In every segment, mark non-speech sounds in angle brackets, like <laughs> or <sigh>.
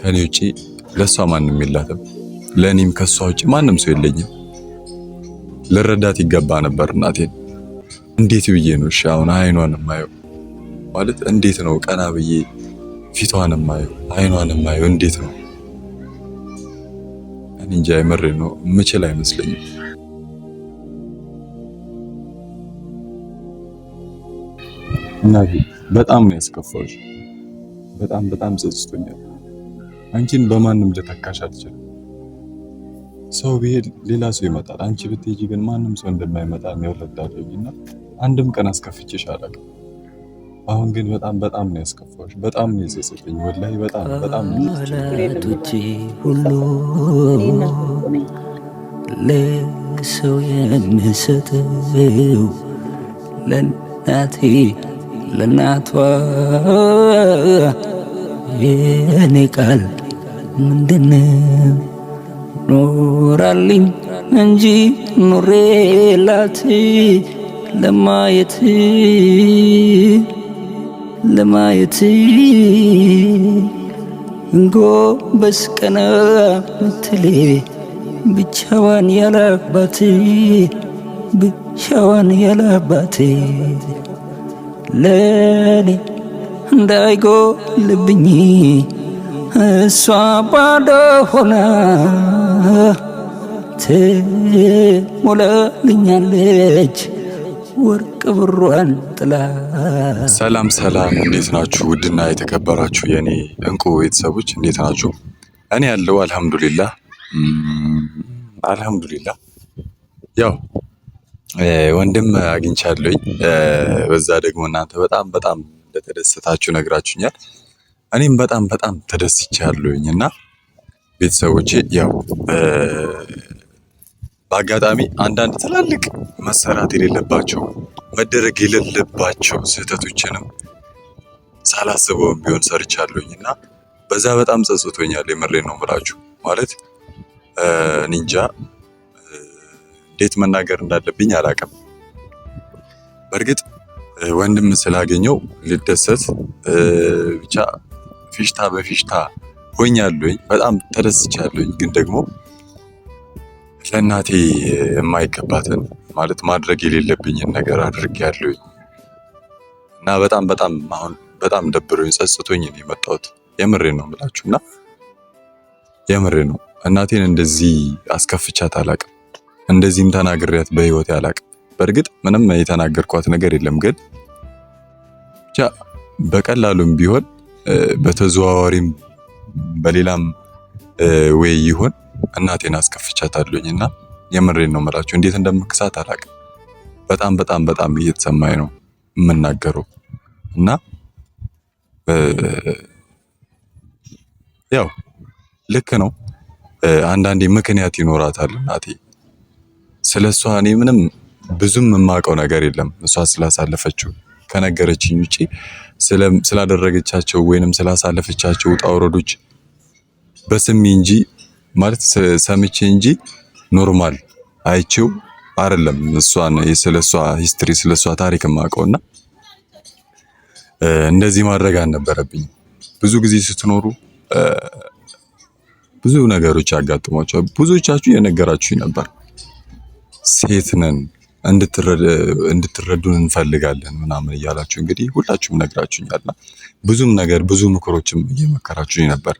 ከኔ ውጪ ለሷ ማንም የላትም። ለእኔም ከሷ ውጪ ማንም ሰው የለኝም። ልረዳት ይገባ ነበር እናቴን። እንዴት ብዬ ነው እሺ አሁን አይኗን የማየው? ማለት እንዴት ነው ቀና ብዬ ፊቷን የማየው አይኗን የማየው እንዴት ነው? እኔ እንጃ የምሬ ነው ምችል አይመስለኝም። እናቴ በጣም ነው ያስከፋሽ። በጣም በጣም ጸጽቶኛል። አንቺን በማንም ልተካሽ አልችልም። ሰው ቢሄድ ሌላ ሰው ይመጣል። አንቺ ብትሄጂ ግን ማንም ሰው እንደማይመጣ ነው እና አንድም ቀን አስከፍቼሽ አላውቅም። አሁን ግን በጣም በጣም ነው ያስከፋሽ። በጣም ነው የዘዘተኝ። ወላሂ በጣም በጣም ነው ሁሉ ለሰው የምሰጠው ለእናቴ ለእናቷ የኔ ቃል ምንድነው? ኖራልኝ እንጂ ኖሬላት ለማየት ለማየት እንጎ በስቀና ምትሌ ብቻዋን ያላባት ብቻዋን ያላባት ለኔ እንዳይጎልብኝ እሷ ባዶ ሆና ትሞላልኛለች ወርቅ ብሯን ጥላ። ሰላም ሰላም፣ እንዴት ናችሁ? ውድና የተከበራችሁ የኔ እንቁ ቤተሰቦች እንዴት ናችሁ? እኔ ያለው አልሐምዱሊላ አልሐምዱሊላ። ያው ወንድም አግኝቻለኝ። በዛ ደግሞ እናንተ በጣም በጣም እንደተደሰታችሁ ነግራችሁኛል። እኔም በጣም በጣም ተደስቻለሁኝ እና ቤተሰቦቼ ያው በአጋጣሚ አንዳንድ ትላልቅ መሰራት የሌለባቸው መደረግ የሌለባቸው ስህተቶችንም ሳላስበውም ቢሆን ሰርቻለሁኝ እና በዛ በጣም ጸጽቶኛል። የምሬ ነው ምላችሁ ማለት ኒንጃ እንዴት መናገር እንዳለብኝ አላቅም። በእርግጥ ወንድም ስላገኘው ልደሰት ብቻ ፊሽታ በፊሽታ ሆኛለኝ። በጣም ተደስቻለኝ። ግን ደግሞ ለእናቴ የማይገባትን ማለት ማድረግ የሌለብኝን ነገር አድርጌያለሁኝ እና በጣም በጣም አሁን በጣም ደብሮኝ ጸጽቶኝ ነው የመጣሁት። የምሬ ነው የምላችሁ እና የምሬ ነው እናቴን እንደዚህ አስከፍቻት አላቅም። እንደዚህም ተናግሬያት በህይወት አላቅም። በእርግጥ ምንም የተናገርኳት ነገር የለም፣ ግን ብቻ በቀላሉም ቢሆን በተዘዋዋሪም በሌላም ወይ ይሆን እናቴን አስከፍቻታለሁኝ እና የምሬን ነው የምላችሁ። እንዴት እንደምክሳት አላቅም። በጣም በጣም በጣም እየተሰማኝ ነው የምናገረው እና ያው ልክ ነው። አንዳንዴ ምክንያት ይኖራታል እናቴ ስለ እሷ እኔ ምንም ብዙም የማውቀው ነገር የለም። እሷ ስላሳለፈችው ከነገረችኝ ውጪ ስላደረገቻቸው ወይንም ስላሳለፈቻቸው ውጣ ውረዶች በስሜ እንጂ ማለት ሰምቼ እንጂ ኖርማል አይቼው አይደለም። እሷን ስለሷ ሂስትሪ ስለሷ ታሪክ እና እንደዚህ ማድረግ አልነበረብኝም። ብዙ ጊዜ ስትኖሩ ብዙ ነገሮች ያጋጥሟቸዋል። ብዙዎቻችሁ የነገራችሁ ነበር ሴት ነን እንድትረዱን እንፈልጋለን ምናምን እያላችሁ እንግዲህ ሁላችሁም ነግራችሁኛል እና ብዙም ነገር ብዙ ምክሮችም እየመከራችሁኝ ነበር።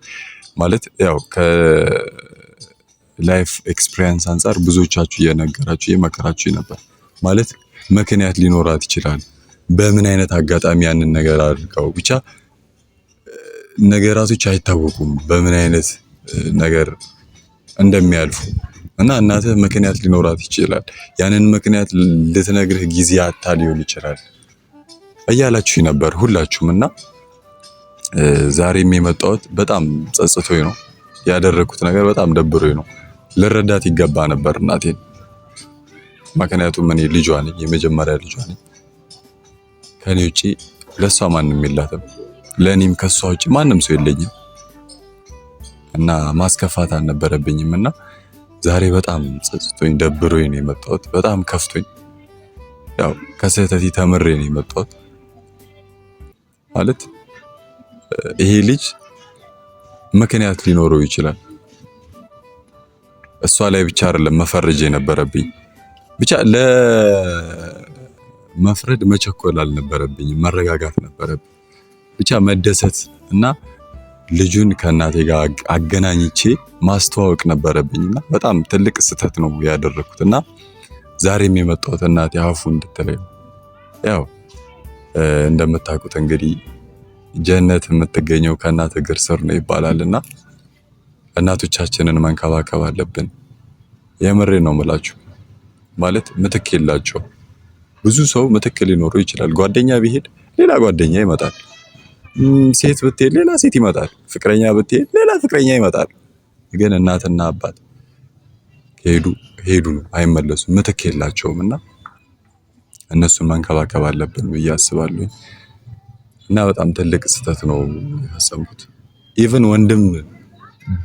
ማለት ያው ከላይፍ ኤክስፒሪየንስ አንጻር ብዙዎቻችሁ እየነገራችሁ እየመከራችሁኝ ነበር። ማለት ምክንያት ሊኖራት ይችላል፣ በምን አይነት አጋጣሚ ያንን ነገር አድርገው ብቻ ነገራቶች አይታወቁም በምን አይነት ነገር እንደሚያልፉ እና እናትህ ምክንያት ሊኖራት ይችላል። ያንን ምክንያት ልትነግርህ ጊዜ አታ ሊሆን ይችላል እያላችሁ ነበር ሁላችሁም። እና ዛሬም የመጣሁት በጣም ጸጽቶኝ ነው ያደረኩት ነገር በጣም ደብሮኝ ነው። ልረዳት ይገባ ነበር እናቴን። ምክንያቱም እኔ ልጇ ነኝ፣ የመጀመሪያ ልጇ ነኝ። ከኔ ውጭ ለሷ ማንም የላትም፣ ለእኔም ከሷ ውጭ ማንም ሰው የለኝም እና ማስከፋት አልነበረብኝም እና ዛሬ በጣም ጸጽቶኝ ደብሮኝ ነው የመጣሁት። በጣም ከፍቶኝ ያው ከስህተቴ ተምሬ ነው የመጣሁት። ማለት ይሄ ልጅ ምክንያት ሊኖረው ይችላል። እሷ ላይ ብቻ አይደለም መፈረጅ የነበረብኝ ብቻ ለመፍረድ መቸኮል አልነበረብኝም። መረጋጋት ነበረብኝ ብቻ መደሰት እና ልጁን ከእናቴ ጋር አገናኝቼ ማስተዋወቅ ነበረብኝና በጣም ትልቅ ስህተት ነው ያደረግኩት እና ዛሬም የመጣሁት እናቴ አፉ እንድትለኝ ያው እንደምታውቁት እንግዲህ ጀነት የምትገኘው ከእናት እግር ስር ነው ይባላል እና እናቶቻችንን መንከባከብ አለብን። የምሬ ነው ምላችሁ ማለት ምትክ የላቸው ብዙ ሰው ምትክ ሊኖረው ይችላል። ጓደኛ ቢሄድ ሌላ ጓደኛ ይመጣል። ሴት ብትሄድ ሌላ ሴት ይመጣል። ፍቅረኛ ብትሄድ ሌላ ፍቅረኛ ይመጣል። ግን እናትና አባት ሄዱ ሄዱ ነው፣ አይመለሱም። ምትክ የላቸውም እና እነሱን መንከባከብ አለብን ብዬ አስባለሁ። እና በጣም ትልቅ ስህተት ነው የፈጸምኩት። ኢቨን ወንድም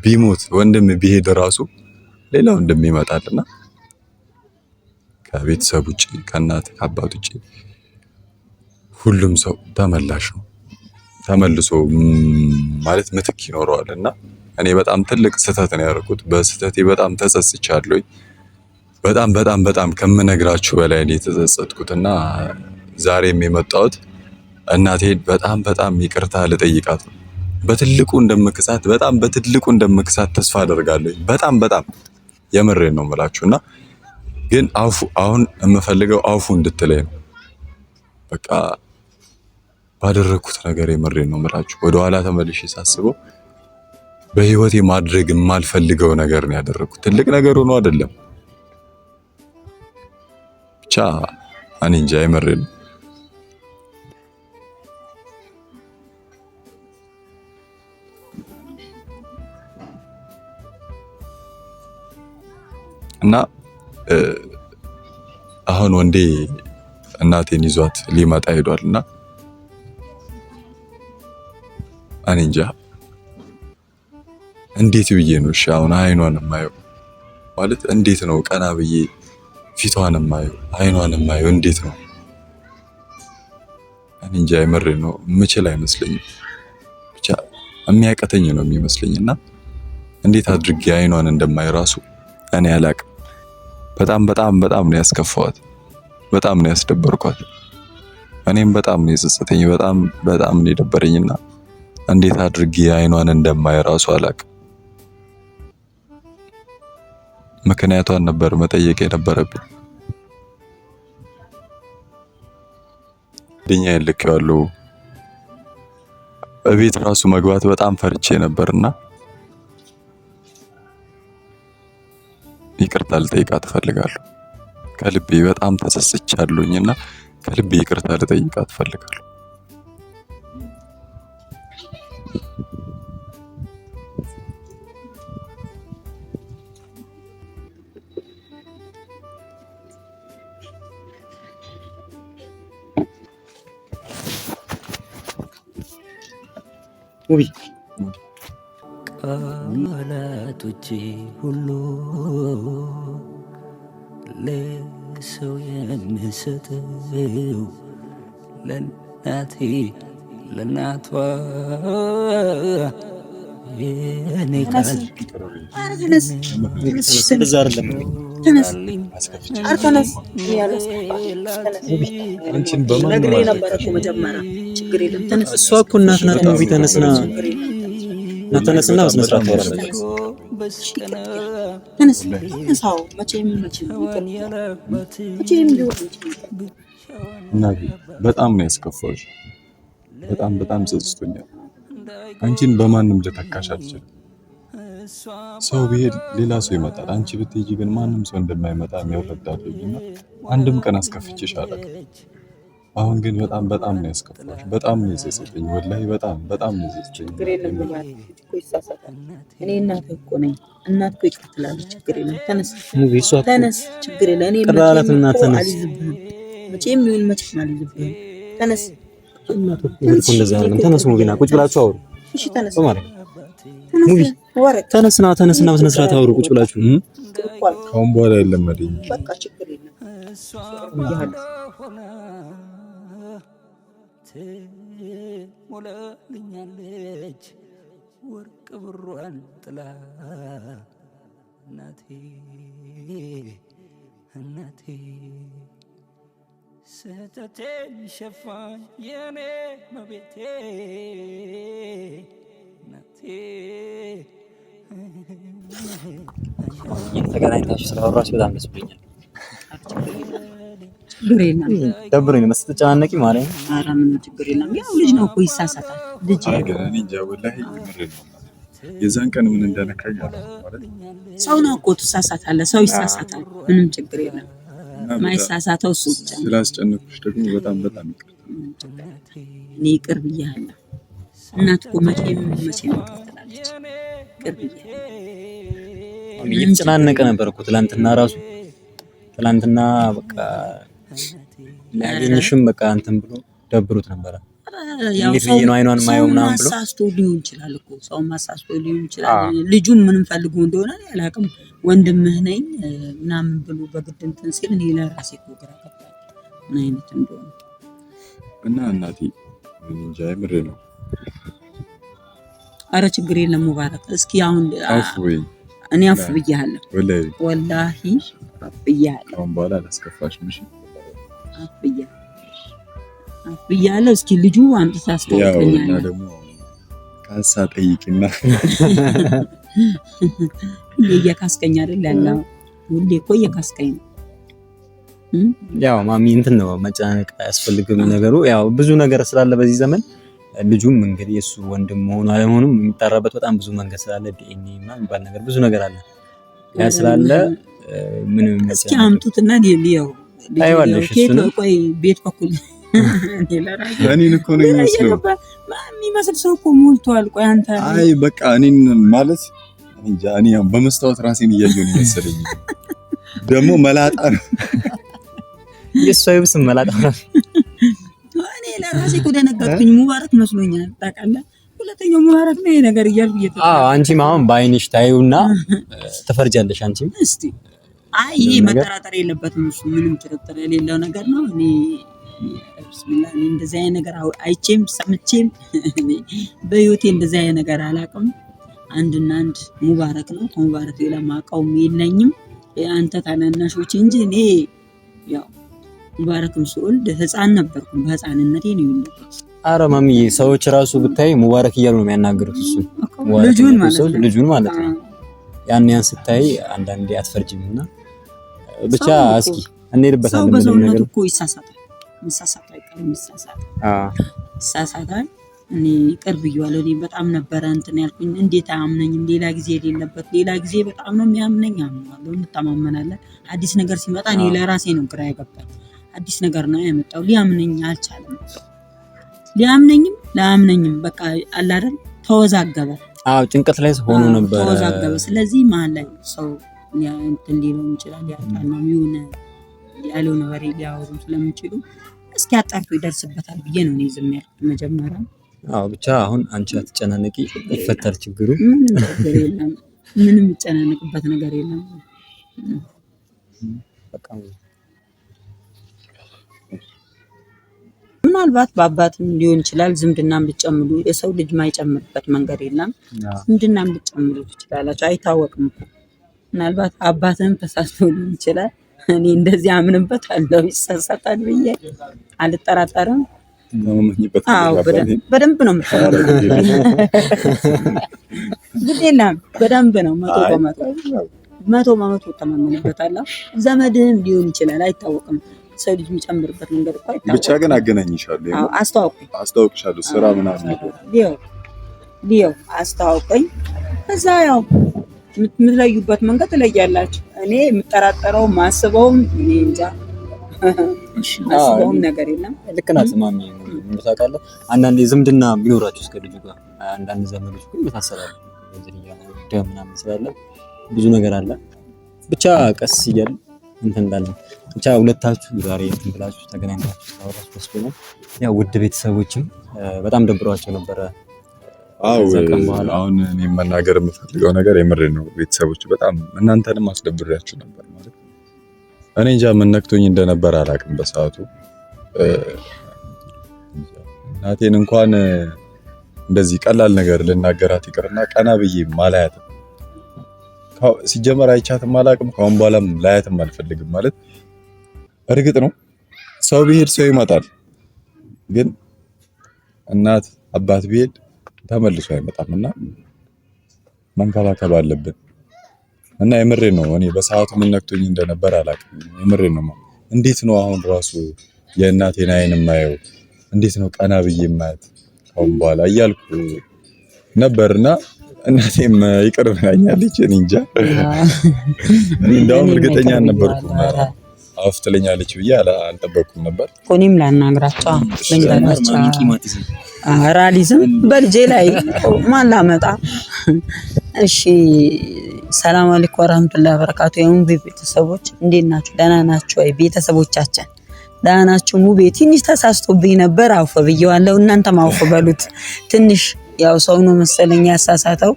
ቢሞት ወንድም ቢሄድ ራሱ ሌላ ወንድም ይመጣል እና ከቤተሰብ ውጭ ከእናት ከአባት ውጭ ሁሉም ሰው ተመላሽ ነው። ተመልሶ ማለት ምትክ ይኖረዋል እና እኔ በጣም ትልቅ ስህተት ነው ያደርኩት። በስህተቴ በጣም ተጸጽቻለሁኝ። በጣም በጣም በጣም ከምነግራችሁ በላይ ነው የተጸጸትኩት እና ዛሬም የመጣሁት እናቴን በጣም በጣም ይቅርታ ልጠይቃት ነው። በትልቁ እንደምክሳት በጣም በትልቁ እንደምክሳት ተስፋ አደርጋለሁ። በጣም በጣም የምሬን ነው የምላችሁ እና ግን አፉ አሁን የምፈልገው አፉ እንድትለኝ ነው በቃ ባደረግኩት ነገር የምሬን ነው ወደ ወደኋላ ተመልሼ ሳስበው በህይወቴ ማድረግ የማልፈልገው ነገር ነው ያደረግኩት። ትልቅ ነገር ሆኖ አይደለም ብቻ እኔ እንጃ የምሬ ነው። እና አሁን ወንዴ እናቴን ይዟት ሊመጣ ሄዷል እና እኔ እንጃ እንዴት ብዬ ነው እሺ? አሁን አይኗን የማየው ማለት እንዴት ነው? ቀና ብዬ ፊቷን የማየው አይኗን የማየው እንዴት ነው? እኔ እንጃ የምሬ ነው ምችል አይመስለኝም። ብቻ የሚያቀተኝ ነው የሚመስለኝ እና እንዴት አድርጌ አይኗን እንደማይ ራሱ እኔ አላቅም። በጣም በጣም በጣም ነው ያስከፋዋት። በጣም ነው ያስደበርኳት። እኔም በጣም ነው የጸጸተኝ። በጣም በጣም ነው የደበረኝና እንዴት አድርጌ አይኗን እንደማይ ራሱ አላቅ። ምክንያቷን ነበር መጠየቅ የነበረብኝ። ድኛ ልኬዋለሁ። እቤት ራሱ መግባት በጣም ፈርቼ ነበርና ይቅርታ ልጠይቃት እፈልጋለሁ። ከልቤ በጣም ተሰስቻለሁኝና ከልቤ ይቅርታ ልጠይቃት እፈልጋለሁ። ውብዬ ቃላቶቼ ሁሉ ለሰው የምሰጠው ለእናቴ ለእናቷ የኔ ችግር የለም። ተነስ። እሷ እኮ እናት ናት። ሙቪ ተነስና እና ተነስና በስነ ስርዓት ወራ በጣም ነው ያስከፋሽ። በጣም በጣም ጸጽቶኛል። አንቺን በማንም ልተካሽ አልችልም። ሰው ቢሄድ ሌላ ሰው ይመጣል። አንቺ ብትሄጂ ግን ማንም ሰው እንደማይመጣ አንድም ቀን አስከፍቼሽ አላውቅም። አሁን ግን በጣም በጣም ነው ያስከፋሽ። በጣም ነው የሰሰተኝ። ወላሂ በጣም በጣም ነው የሰሰተኝ። ችግር የለም ብሏል እኮ ይሳሳታል። እኔ እናት እኮ ነኝ። እናት እኮ ይቅር ትላለች። ችግር የለም ተነስ፣ ተነስ፣ ችግር የለም። እኔ እና ተነስ። መቼም ይሁን መቼም አልይዝብህም። ተነስ፣ አይደለም። ተነስ። ሙቢና ቁጭ ብላችሁ አውሩ። እሺ ተነስ፣ ሙቢ ተነስና ተነስና በስነ ስርዓት አውሩ። ቁጭ ብላችሁ አሁን በኋላ የለም መደኝ በቃ ችግር የለም ትሞላልኛለች ወርቅ ብሯን ጥላ እናቴ እናቴ ስህተቴን ሸፋኝ የኔ መቤቴ እናቴ። ተገናኝታችሁ ስለወራች በጣም ደስ ብሎኛል። ደብሬን ነው ስትጨናነቂ ማለት ነው። ኧረ ምንም ችግር የለም። ያው ልጅ ነው እኮ ይሳሳታል። ልጅ የዛን ቀን ምን እንደነካኝ ሰው ነው እኮ ትሳሳታለህ። ሰው ይሳሳታል። ምንም ችግር የለም። ማይሳሳተው እሱ ብቻ። ስላስጨነኩሽ ደግሞ በጣም በጣም እኔ ይቅር ብያለሁ። እናት እኮ መቼም መቼም ይቅር ትላለች። ይቅር ብያለሁ። እየተጨናነቀ ነበር እኮ ትላንትና ራሱ ትላንትና በቃ ሊያገኝሽም በቃ እንትን ብሎ ደብሩት ነበረ። እንዴት ነው አይኗን ማየው ምናምን ብሎ ማሳስቶ ሊሆን ይችላል እኮ ሰው ማሳስቶ ሊሆን ይችላል። ልጁም ምንም ፈልጎ እንደሆነ አላውቅም። ወንድምህ ነኝ ምናምን ብሎ በግድ እንትን ሲል እኔ ለራሴ እኮ ግራ ገባኝ ምን አይነት እንደሆነ እና እናቴ ምን እንጃ ምር ነው። አረ ችግር የለም ሙባረክ፣ እስኪ አሁን እኔ አፍ ብያለሁ ወላሂ አፍያለሁ። አሁን እስኪ ልጁ አምጥታ አስተዋውቀኛለሁ። ደግሞ ካሳ ጠይቂና ሁሌ እየካስቀኝ አይደል ያለው? ሁሌ እኮ እየካስቀኝ ነው። ያው ማሚ እንትን ነው መጨናነቅ አያስፈልግም። ነገሩ ያው ብዙ ነገር ስላለ በዚህ ዘመን ልጁም እንግዲህ የእሱ ወንድም መሆኑ አለመሆኑም የሚጠራበት በጣም ብዙ መንገድ ስላለ ዲኤንኤ ምናምን የሚባል ነገር ብዙ ነገር አለ ያ ስላለ ምንም እስኪ አምጡትና ሊያው ቆይ ቤት በኩል <laughs> እኔን እኮ ነው የሚመስለው የሚመስል ሰው እኮ ሞልቷል። ቆይ አንተ አይ በቃ እኔን ማለት እኔ በመስታወት ራሴን እያየሁ ነው የመሰለኝ። ደግሞ መላጣ ነው የእሱ አይብስም መላጣ ነው። እኔ ለራሴ እኮ ደነገጥኩኝ። ሙባረክ መስሎኛል ታውቃለህ። ሁለተኛው ሙባረክ ነው ይሄ ነገር እያልኩ እየተጣ አዎ አንቺም አሁን በአይንሽ ታዩና <laughs> ትፈርጃለሽ አንቺም እስቲ አይ ይሄ መጠራጠር የለበትም። እሱ ምንም ጥርጥር የሌለው ነገር ነው። እኔ ብስሚላ እንደዚህ አይነት ነገር አይቼም ሰምቼም በህይወቴ እንደዚህ አይነት ነገር አላውቅም። አንድና አንድ ሙባረክ ነው። ከሙባረክ ሌላ ማውቀውም የለኝም። አንተ ታናናሾች እንጂ እኔ ያው ሙባረክም ስወልድ ህፃን ነበርኩ። በህፃንነቴ ነው የሚነበር። አረ ማሚዬ ሰዎች ራሱ ብታይ ሙባረክ እያሉ ነው የሚያናግሩት። እሱ ማለት ነው ልጁን ማለት ነው። ያን ያን ስታይ አንዳንዴ አትፈርጅም እና ብቻ እስኪ እንሄድበታለን። ሰው በሰውነቱ እኮ ይሳሳታል። ይሳሳታል፣ አይቀርም፣ ይሳሳታል። ይሳሳታል። እኔ ቅርብ ብያለሁ። እኔ በጣም ነበረ እንትን ያልኩኝ፣ እንዴት አያምነኝም? ሌላ ጊዜ የሌለበት ሌላ ጊዜ በጣም ነው የሚያምነኝ። አምናለሁ፣ እንተማመናለን። አዲስ ነገር ሲመጣ እኔ ለራሴ ነው ግራ ያገባል። አዲስ ነገር ነው ያመጣው። ሊያምነኝ አልቻለም። ሊያምነኝም ላያምነኝም በቃ አላደል ተወዛገበ። አዎ ጭንቀት ላይ ሆኖ ነበር፣ ተወዛገበ። ስለዚህ መሀል ላይ ሰው እንትን ሊለውም ይችላል ያጣናው የሆነ ያለው ወሬ ሊያወሩም ስለሚችሉ እስኪ አጣርቶ ይደርስበታል ብዬ ነው እኔ ዝም ያልኩት መጀመሪያ። አዎ ብቻ አሁን አንቺ አትጨናነቂ፣ ይፈታል ችግሩ። ምንም ነገር የለም፣ ነገር የለም። ምናልባት በአባትም ሊሆን ይችላል ዝምድናም ልጨምሉ የሰው ልጅ ማይጨምርበት መንገድ የለም። ዝምድናም ልጨምሉ ትችላላችሁ፣ አይታወቅም እኮ ምናልባት አባትህም ተሳስቶ ሊሆን ይችላል። እኔ እንደዚህ አምንበት አለው ይሳሳታል ብዬ አልጠራጠርም። በደንብ ነው ግዴላም፣ በደንብ ነው መቶ በመቶ መቶ በመቶ ተማመንበታለሁ። ዘመድህም ሊሆን ይችላል አይታወቅም። ሰው ልጅ የሚጨምርበት መንገድ እኮ አይታወቅም። ብቻ ግን አገናኝሻለሁ፣ አስተዋውቀኝ፣ አስተዋውቅሻለሁ ስራ ምናምን ሊው ሊው አስተዋውቀኝ እዛ ያው የምትለዩበት መንገድ ትለያላችሁ። እኔ የምጠራጠረው ማስበውም እኔ እንጃ ማስበውም ነገር የለም። ልክ ናት ማሚ ታውቃለህ። አንዳንዴ ዝምድና የሚኖራቸው እስከ ልጁ ጋር አንዳንድ ዘመዶች ግን ይመሳሰላሉ። ዝርያ ደም ምናምን ስላለ ብዙ ነገር አለ። ብቻ ቀስ እያል እንትን እንዳለን ብቻ ሁለታችሁ ዛሬ እንትን ብላችሁ ተገናኝታችሁ ታወራችሁ ደስ ብሎናል። ያው ውድ ቤተሰቦችም በጣም ደብሯቸው ነበረ አሁን እኔ መናገር የምፈልገው ነገር የምር ነው። ቤተሰቦች በጣም እናንተንም አስደብሬያችሁ ነበር ማለት እኔ እንጃ ምን እንደነበር አላውቅም። በሰዓቱ እናቴን እንኳን እንደዚህ ቀላል ነገር ልናገራት ይቅርና ቀና ብዬ ማላያት ሲጀመር አይቻትም አላውቅም። ከአሁን በኋላም ላያትም አልፈልግም ማለት እርግጥ ነው ሰው ቢሄድ ሰው ይመጣል፣ ግን እናት አባት ብሄድ ተመልሶ አይመጣም እና መንከባከብ አለብን። እና የምሬ ነው። እኔ በሰዓቱ ምን ነክቶኝ እንደነበር አላውቅም። የምሬ ነው። እንዴት ነው አሁን ራሱ የእናቴን አይን የማየው? እንዴት ነው ቀና ብዬ የማያት አሁን በኋላ እያልኩ ነበርና እናቴም ይቅር ብላኛለች። እኔ እንጃ፣ እንደውም እርግጠኛ አልነበርኩም። አፍ ትለኛለች ብዬ አልጠበቅኩም ነበር። እኔም ላናግራቸው ራሊዝም በልጄ ላይ ማን ላመጣ። እሺ፣ ሰላም አለይኩም ወራህመቱላሂ ወበረካቱ። የሙቤ ቤተሰቦች እንዴት ናችሁ? ደህና ናችሁ ወይ? ቤተሰቦቻችን ደህና ናችሁ? ሙቤ ትንሽ ተሳስቶብኝ ነበር፣ አውፈ ብዬዋለሁ። እናንተም አውፈ በሉት። ትንሽ ያው ሰው ነው መሰለኝ ያሳሳተው።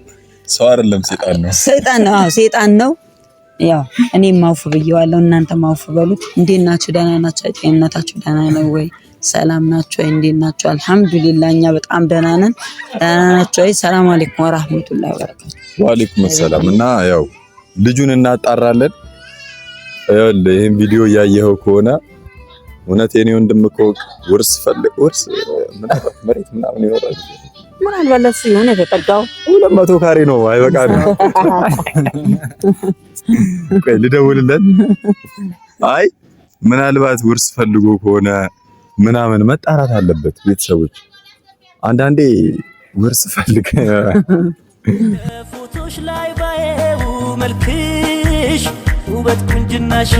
ሰው አይደለም፣ ሴጣን ነው። ሴጣን ነው። አዎ ሰይጣን ነው። ያው እኔም አውፍ ብየዋለሁ። እናንተ ማውፍ በሉ። እንዴት ናችሁ? ደህና ናችሁ? ጤንነታችሁ ደህና ነው ወይ? ሰላም ናችሁ ወይ? እንዴት ናችሁ? አልሐምዱሊላህ እኛ በጣም ደህና ነን። ደህና ናችሁ ወይ? ሰላም አለይኩም ወራህመቱላሂ ወበረካቱ። ወአለይኩም ሰላም። እና ያው ልጁን እናጣራለን። ይህን ቪዲዮ እያየኸው ከሆነ እውነት የኔ ወንድም እኮ ውርስ ፈልግ ውርስ መሬት ምናምን ይኖራል ምን አልባለስ የሆነ የተጠጋው ሁለት መቶ ካሬ ነው አይበቃ ነው <laughs> ልደውልለት። አይ ምናልባት ውርስ ፈልጎ ከሆነ ምናምን መጣራት አለበት። ቤተሰቦች አንዳንዴ ውርስ ፈልግ ፎቶች ላይ ባየው መልክሽ ውበት ቁንጅናሽ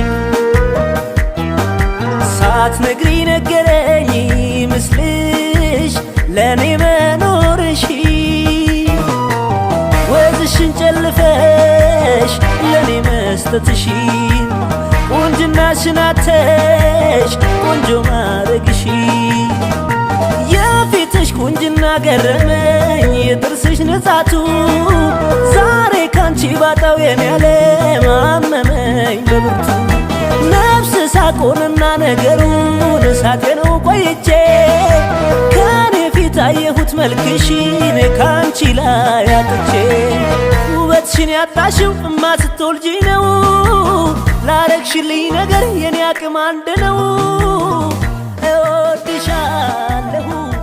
ሳትነግሪ ነገረኝ ምስልሽ ለእኔ መኖ መስጠትሽን ቁንጅናሽን አተሽ ቆንጆ ማረግሽ የፊትሽ ቁንጅና ገረመኝ የጥርስሽ ንጻቱ ዛሬ ካንቺ ባጣው የኔ ዓለም አመመኝ በብርቱ ነፍስ ሳቁንና ነገሩን ሳቄነው ቆይቼ ከኔ ፊት አየሁት መልክሽን ካንቺ ላይ አጥቼ ልጅሽን ያጣሽው እማ ስትወልጂ ነው። ላረግሽልኝ ነገር የኔ አቅም አንድ ነው። እወድሻለሁ